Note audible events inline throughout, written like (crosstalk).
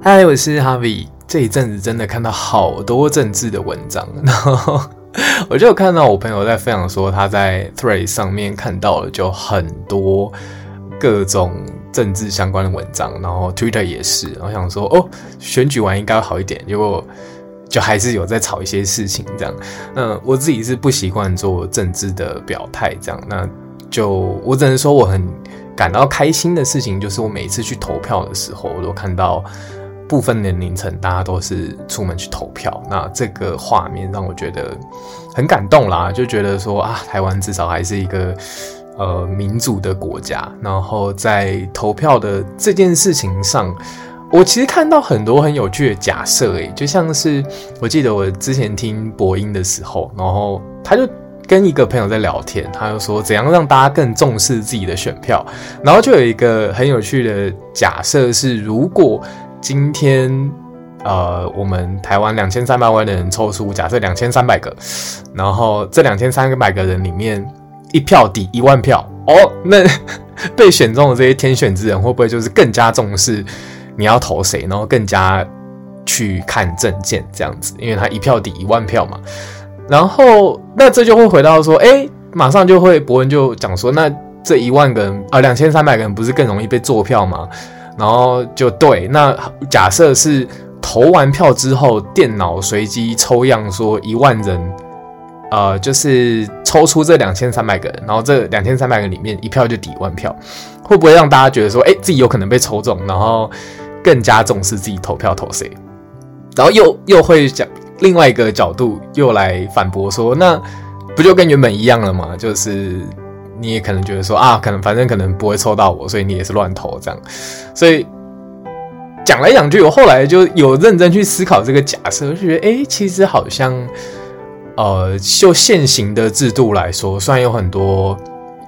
嗨，Hi, 我是 Harvie。這一陣子真的看到好多政治的文章，然後我就有看到我朋友在分享說他在 Thread 上面看到了就很多各種政治相關的文章，然後 Twitter 也是。我想說，哦，選舉完應該好一點，結果就還是有在炒一些事情這樣。那我自己是不習慣做政治的表態這樣，那就我只能說我很感到開心的事情就是我每次去投票的時候，我都看到。部分年齡層，大家都是出門去投票，那這個畫面讓我覺得很感動啦，就覺得說啊，台灣至少還是一個呃民主的國家。然後在投票的這件事情上，我其實看到很多很有趣的假設，欸，就像是我記得我之前聽播音的時候，然後他就跟一個朋友在聊天，他就說怎樣讓大家更重視自己的選票，然後就有一個很有趣的假設是如果。今天，呃，我們台灣兩千三百萬的人抽出，假設兩千三百個，然後這兩千三百個人裡面一票抵一萬票哦，那被選中的這些天選之人會不會就是更加重視你要投誰，然後更加去看證件這樣子？因為他一票抵一萬票嘛。然後那這就會回到說，哎，馬上就會博文就講說，那這一萬個人啊，兩千三百個人不是更容易被作票嗎？然後就對，那假設是投完票之後，電腦隨機抽樣，說一萬人，呃，就是抽出這兩千三百個人，然後這兩千三百個人裡面一票就抵一萬票，會不會讓大家覺得說，哎，自己有可能被抽中，然後更加重視自己投票投誰？然後又又會想另外一個角度，又來反駁說，那不就跟原本一樣了嗎？就是。你也可能覺得說啊，可能反正可能不會抽到我，所以你也是亂投這樣。所以講來講去，我後來就有認真去思考這個假設，就覺得哎、欸，其實好像呃，就現行的制度來說，雖然有很多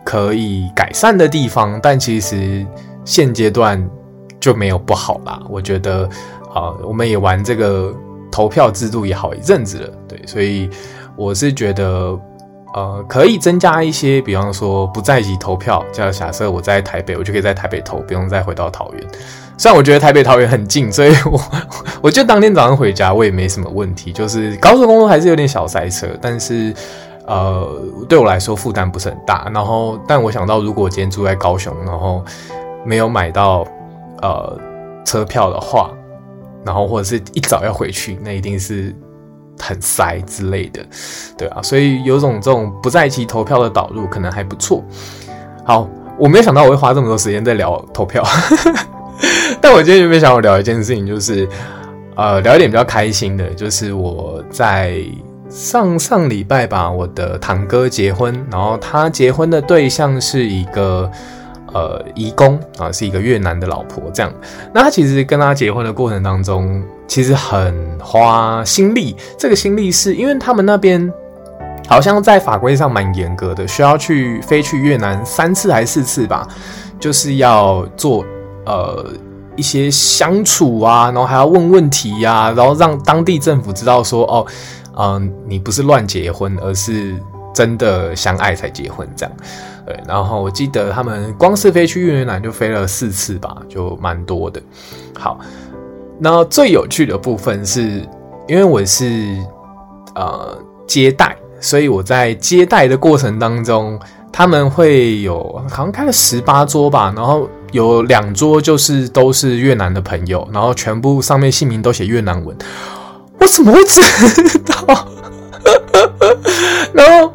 可以改善的地方，但其實現階段就沒有不好啦。我覺得啊、呃，我們也玩這個投票制度也好一陣子了，對，所以我是覺得。呃，可以增加一些，比方說不在籍投票，就假設我在台北，我就可以在台北投，不用再回到桃園。雖然我覺得台北桃園很近，所以我我覺得當天早上回家我也沒什麼問題，就是高速公路還是有點小塞車，但是呃，對我來說負擔不是很大。然後，但我想到如果我今天住在高雄，然後沒有買到呃車票的話，然後或者是一早要回去，那一定是。很塞之類的，對啊，所以有種這種不在其投票的導入可能還不錯。好，我沒有想到我會花這麼多時間在聊投票， (laughs) 但我今天特別想聊一件事情，就是呃，聊一點比較開心的，就是我在上上禮拜吧，我的堂哥結婚，然後他結婚的對象是一個呃，移工啊，是一個越南的老婆這樣。那他其實跟他結婚的過程當中，其實很花心力，這個心力是因為他們那邊好像在法規上蠻嚴格的，需要去飛去越南三次還是四次吧，就是要做呃一些相處啊，然後還要問問題呀，然後讓當地政府知道說哦，嗯，你不是亂結婚，而是真的相愛才結婚這樣。對，然後我記得他們光是飛去越南就飛了四次吧，就蠻多的。好。然後最有趣的部分是，因為我是呃接待，所以我在接待的過程當中，他們會有好像開了十八桌吧，然後有兩桌就是都是越南的朋友，然後全部上面姓名都寫越南文，我怎麼會知道？呵呵呵，然後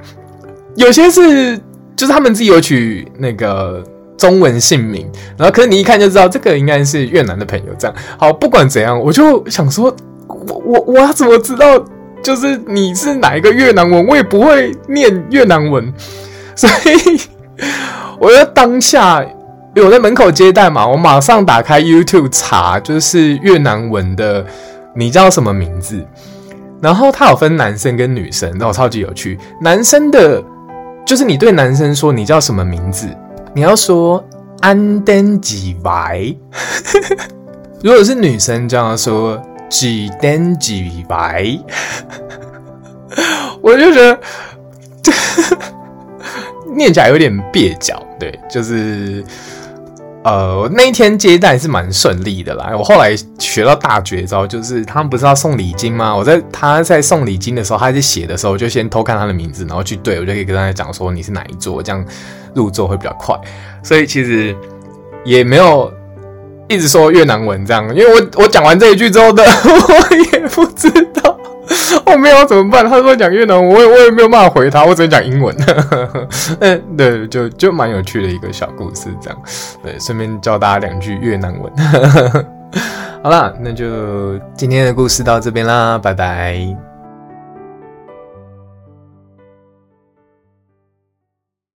有些是就是他們自己有取那個。中文姓名，然後可是你一看就知道，這個應該是越南的朋友。這樣好，不管怎樣，我就想說，我我我要怎麼知道，就是你是哪一個越南文？我也不會念越南文，所以我在當下，有在門口接待嘛，我馬上打開 YouTube 查，就是越南文的你叫什麼名字？然後它有分男生跟女生，那我、哦、超級有趣，男生的，就是你對男生說你叫什麼名字？你要說“安登幾白”， (laughs) 如果是女生這樣說“幾登幾白”， (laughs) 我就覺得 (laughs) 念起來有點蹩腳。對，就是。呃，我那一天接待是蠻順利的啦。我後來學到大絕招，就是他們不是要送禮金嗎？我在他在送禮金的時候，他在寫的時候，我就先偷看他的名字，然後去對，我就可以跟他講說你是哪一座，這樣入座會比較快。所以其實也沒有一直說越南文這樣，因為我我講完這一句之後的，我也不知道。我、哦、沒有怎麼辦？他說講越南文，我也我也沒有辦法回他，我只能講英文。嗯， (laughs) 對，就就蠻有趣的一個小故事，這樣。對，順便教大家兩句越南文。 (laughs) 好啦，那就今天的故事到這邊啦，拜拜。